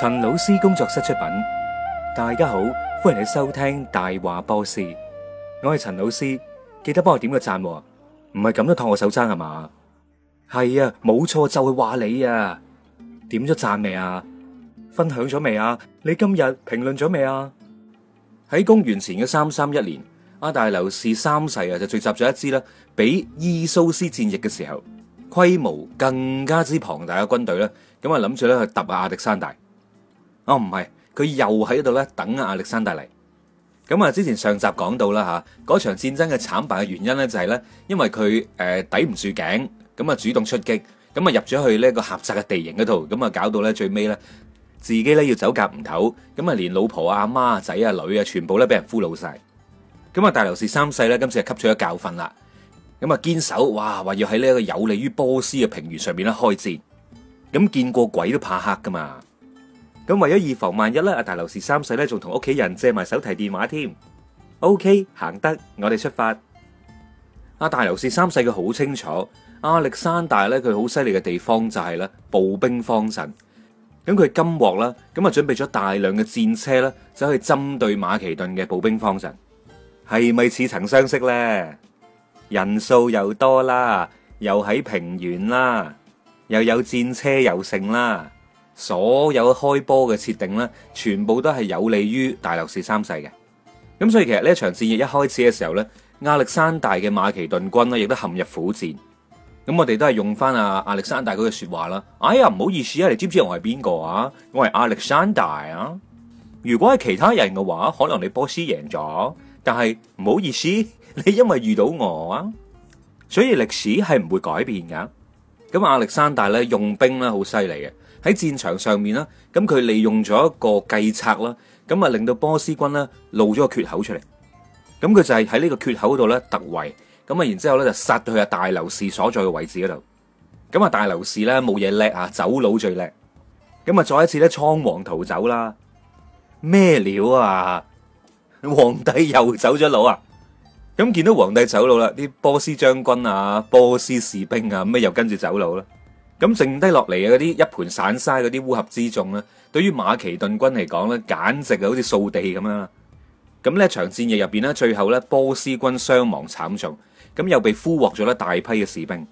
陳老師工作室出品，大家好，歡迎你收聽大話波斯。我係陳老師，記得幫我點個讚喎，唔係咁都托我手踭係嘛？係啊，冇錯，就係話你啊，點咗讚未啊？分享咗未啊？你今日評論咗未啊？喺公元前嘅三三一年，阿大流士三世啊就聚集咗一支咧，比伊蘇斯戰役嘅時候規模更加之龐大嘅軍隊啦。咁啊諗住咧去揼阿亞歷山大。哦，唔係，佢又喺度咧等亞歷山大嚟。咁啊，之前上集講到啦吓，嗰場戰爭嘅慘敗嘅原因咧就係咧，因為佢誒、呃、抵唔住頸，咁啊主動出擊，咁啊入咗去呢一個狹窄嘅地形嗰度，咁啊搞到咧最尾咧自己咧要走夾唔唞，咁啊連老婆啊媽、啊、仔啊女啊全部咧俾人俘虜晒。咁啊大流士三世咧今次係吸取咗教訓啦，咁啊堅守，哇話要喺呢一個有利於波斯嘅平原上面咧開戰，咁見過鬼都怕黑噶嘛。咁為咗以防萬一咧，阿大流士三世咧仲同屋企人借埋手提電話添。OK，行得，我哋出發。阿大流士三世佢好清楚，亞歷山大咧佢好犀利嘅地方就係啦，步兵方陣。咁佢今獲啦，咁啊準備咗大量嘅戰車啦，走去針對馬其頓嘅步兵方陣，係咪似曾相識咧？人數又多啦，又喺平原啦，又有戰車又盛啦。所有開波嘅設定呢，全部都係有利於大流士三世嘅。咁所以其實呢一場戰役一開始嘅時候呢，亞歷山大嘅馬其頓軍呢，亦都陷入苦戰。咁我哋都係用翻阿亞歷山大嗰句說話啦。哎呀，唔好意思啊，你知唔知我係邊個啊？我係亞歷山大啊。如果係其他人嘅話，可能你波斯贏咗，但係唔好意思，你因為遇到我啊。所以歷史係唔會改變㗎。咁亞歷山大咧用兵咧好犀利嘅。喺戰場上面啦，咁佢利用咗一個計策啦，咁啊令到波斯軍呢露咗個缺口出嚟，咁佢就係喺呢個缺口度咧突圍，咁啊然之後咧就殺到去啊大流士所在嘅位置嗰度，咁啊大流士咧冇嘢叻啊，走佬最叻，咁啊再一次咧倉皇逃走啦，咩料啊，皇帝又走咗佬啊，咁見到皇帝走佬啦，啲波斯將軍啊、波斯士兵啊，咩又跟住走佬啦？咁剩低落嚟啊嗰啲一盤散沙嗰啲烏合之眾咧，對於馬其頓軍嚟講咧，簡直係好似掃地咁樣啊！咁呢一場戰役入邊咧，最後咧波斯軍傷亡慘重，咁又被俘獲咗一大批嘅士兵。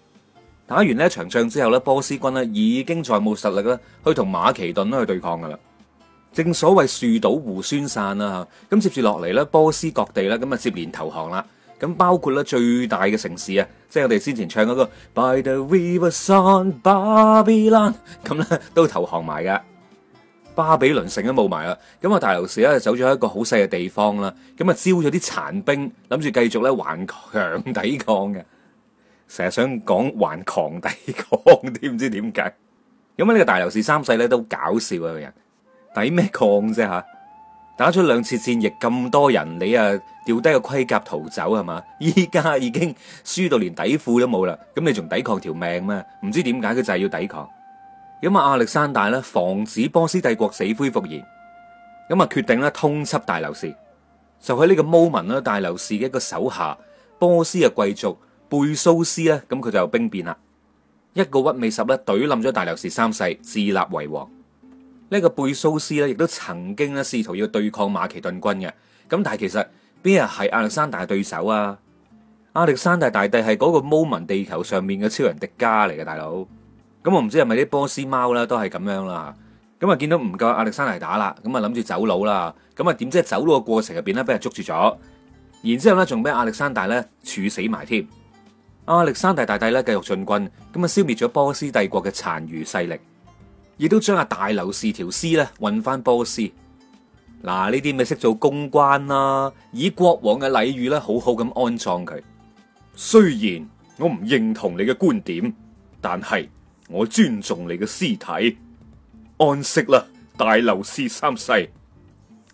打完呢一場仗之後咧，波斯軍咧已經再冇實力啦，去同馬其頓咧去對抗噶啦。正所謂樹倒猢猻散啦，咁接住落嚟咧，波斯各地咧咁啊接連投降啦。咁包括啦，最大嘅城市啊，即係我哋先前唱嗰個《By the River Sun Babylon》，咁咧都投降埋噶，巴比倫成日都冇埋啦。咁啊，大流士咧走咗喺一個好細嘅地方啦，咁啊招咗啲殘兵，諗住繼續咧頑強抵抗嘅，成日想講頑強抵抗，都唔知點解。咁啊，呢個大流士三世咧都搞笑啊，個人抵咩抗啫吓？打出兩次戰役咁多人，你啊掉低個盔甲逃走係嘛？依家已經輸到連底褲都冇啦，咁你仲抵抗條命咩？唔知點解佢就係要抵抗。咁啊，亞歷山大咧防止波斯帝國死灰復燃，咁啊決定咧通緝大流士。就喺呢個 moment 咧，大流士嘅一個手下，波斯嘅貴族貝蘇斯咧，咁佢就兵變啦，一個屈尾十，咧，對冧咗大流士三世，自立為王。呢個貝蘇斯咧，亦都曾經咧試圖要對抗馬其頓軍嘅，咁但係其實邊人係亞歷山大嘅對手啊？亞歷山大大帝係嗰個 moment 地球上面嘅超人迪迦嚟嘅大佬，咁我唔知係咪啲波斯貓啦，都係咁樣啦，咁啊見到唔夠亞歷山大打啦，咁啊諗住走佬啦，咁啊點知係走佬嘅過程入邊咧，俾人捉住咗，然之後咧仲俾亞歷山大咧處死埋添。亞歷山大大帝咧繼續進軍，咁啊消滅咗波斯帝國嘅殘餘勢力。亦都將阿大流士條屍咧運翻波斯，嗱，呢啲咪識做公關啦，啊，以國王嘅禮遇咧好好咁安葬佢。雖然我唔認同你嘅觀點，但係我尊重你嘅屍體。安息啦，大流士三世，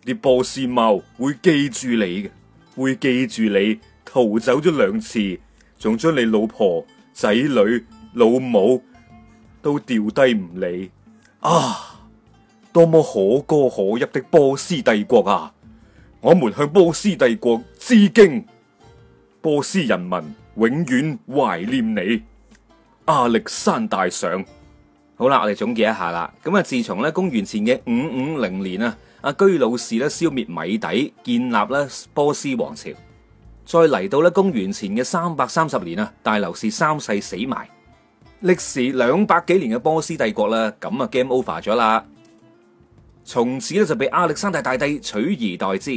啲波斯貓會記住你嘅，會記住你逃走咗兩次，仲將你老婆、仔女、老母都掉低唔理。啊，多麼可歌可泣的波斯帝國啊！我們向波斯帝國致敬，波斯人民永遠懷念你，亞歷山大上。好啦，我哋總結一下啦。咁啊，自從咧公元前嘅五五零年啊，阿居魯士咧消滅米底，建立咧波斯王朝，再嚟到咧公元前嘅三百三十年啊，大流士三世死埋。歷時兩百幾年嘅波斯帝國啦，咁啊 game over 咗啦，從此咧就被亞歷山大大帝取而代之。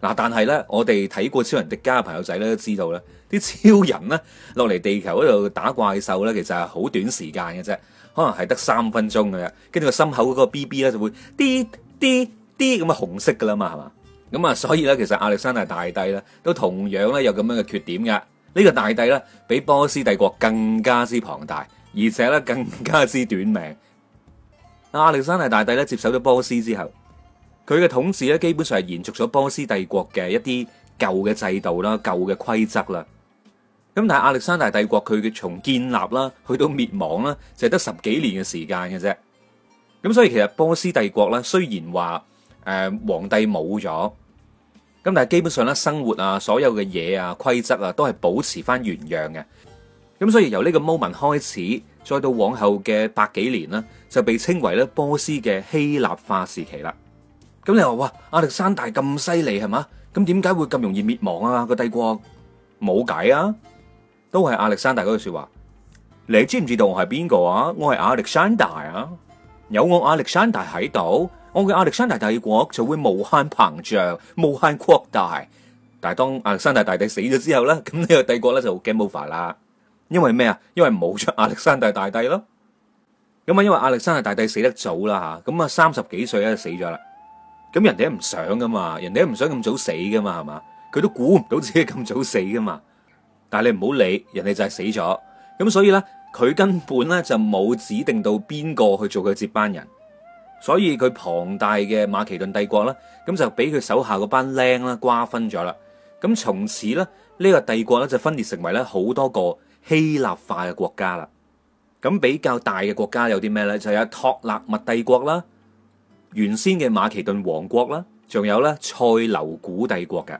嗱，但係咧，我哋睇過超人迪迦嘅朋友仔咧都知道咧，啲超人咧落嚟地球嗰度打怪獸咧，其實係好短時間嘅啫，可能係得三分鐘嘅啫，跟住個心口嗰個 B B 咧就會啲啲啲咁啊紅色噶啦嘛，係嘛，咁啊所以咧，其實亞歷山大大帝咧都同樣咧有咁樣嘅缺點噶。呢個大帝咧，比波斯帝國更加之龐大，而且咧更加之短命。亞歷山大大帝咧接手咗波斯之後，佢嘅統治咧基本上係延續咗波斯帝國嘅一啲舊嘅制度啦、舊嘅規則啦。咁但係亞歷山大帝國佢從建立啦去到滅亡啦，就係得十幾年嘅時間嘅啫。咁所以其實波斯帝國咧雖然話誒、呃、皇帝冇咗。咁但係基本上咧，生活啊，所有嘅嘢啊，規則啊，都係保持翻原樣嘅。咁所以由呢個 moment 開始，再到往後嘅百幾年啦、啊，就被稱為咧波斯嘅希臘化時期啦。咁你話哇，亞歷山大咁犀利係嘛？咁點解會咁容易滅亡啊？個帝國冇計啊，都係亞歷山大嗰句說話。你知唔知道我係邊個啊？我係亞歷山大啊！有我亞歷山大喺度。我嘅亞歷山大帝國就會無限膨脹、無限擴大，但係當亞歷山大大帝死咗之後咧，咁呢個帝國咧就 game over 啦。因為咩啊？因為冇出亞歷山大大帝咯。咁啊，因為亞歷山大大帝死得早啦吓，咁啊三十幾歲咧就死咗啦。咁人哋都唔想噶嘛，人哋都唔想咁早死噶嘛，係嘛？佢都估唔到自己咁早死噶嘛。但係你唔好理，人哋就係死咗。咁所以咧，佢根本咧就冇指定到邊個去做佢接班人。所以佢龐大嘅馬其頓帝國啦，咁就俾佢手下嗰班靚啦瓜分咗啦。咁從此咧，呢、這個帝國咧就分裂成為咧好多個希臘化嘅國家啦。咁比較大嘅國家有啲咩咧？就有托勒密帝國啦、原先嘅馬其頓王國啦，仲有咧塞琉古帝國嘅。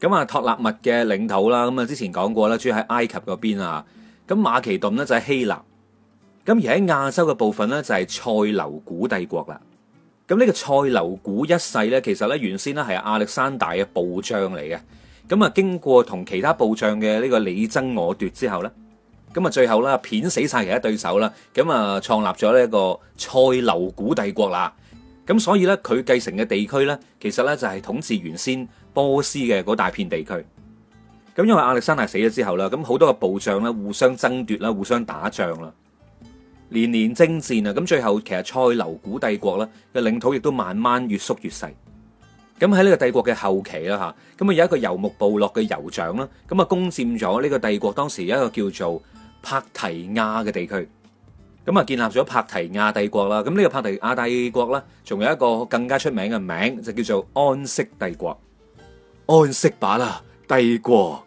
咁啊，托勒密嘅領土啦，咁啊之前講過啦，主要喺埃及嗰邊啊。咁馬其頓咧就喺希臘。咁而喺亞洲嘅部分咧，就係塞琉古帝國啦。咁、這、呢個塞琉古一世咧，其實咧原先咧係亞歷山大嘅部將嚟嘅。咁啊，經過同其他部將嘅呢個你爭我奪之後咧，咁啊，最後啦，片死晒其他對手啦，咁啊，創立咗呢一個塞琉古帝國啦。咁所以咧，佢繼承嘅地區咧，其實咧就係統治原先波斯嘅嗰大片地區。咁因為亞歷山大死咗之後啦，咁好多嘅部將咧互相爭奪啦，互相打仗啦。年年征戰啊，咁最後其實塞琉古帝國咧嘅領土亦都慢慢越縮越細。咁喺呢個帝國嘅後期啦吓，咁啊有一個遊牧部落嘅酋長啦，咁啊攻佔咗呢個帝國當時有一個叫做帕提亞嘅地區，咁啊建立咗帕提亞帝國啦。咁呢個帕提亞帝國咧，仲有一個更加出名嘅名就叫做安息帝國。安息把啦帝國，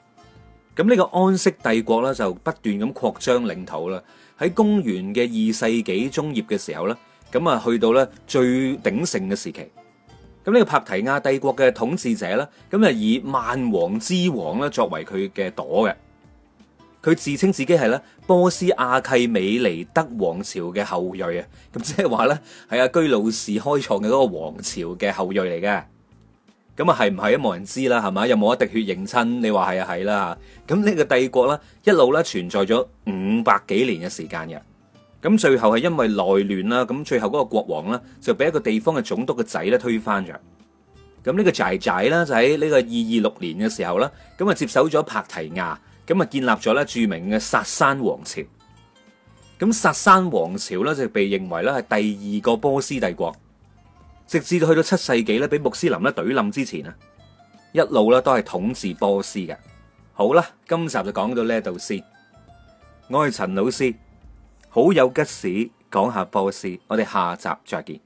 咁呢個安息帝國咧就不斷咁擴張領土啦。喺公元嘅二世紀中葉嘅時候咧，咁啊去到咧最鼎盛嘅時期，咁呢個帕提亞帝國嘅統治者咧，咁啊以萬王之王咧作為佢嘅朵嘅，佢自稱自己係咧波斯亞契美尼德王朝嘅後裔啊，咁即係話咧係阿居魯士開創嘅嗰個王朝嘅後裔嚟嘅。咁啊，係唔係啊？冇人知啦，係嘛？又冇一滴血認親，你話係啊係啦，啊。咁呢個帝國咧，一路咧存在咗五百幾年嘅時間嘅。咁最後係因為內亂啦，咁最後嗰個國王咧就俾一個地方嘅總督嘅仔咧推翻咗。咁呢個仔仔咧就喺呢個二二六年嘅時候啦，咁啊接手咗帕提亞，咁啊建立咗咧著名嘅薩珊王朝。咁薩珊王朝咧就被認為咧係第二個波斯帝國。直至到去到七世紀咧，俾穆斯林咧懟冧之前啊，一路咧都係統治波斯嘅。好啦，今集就講到呢一度先。我係陳老師，好有吉事。講下波斯。我哋下集再見。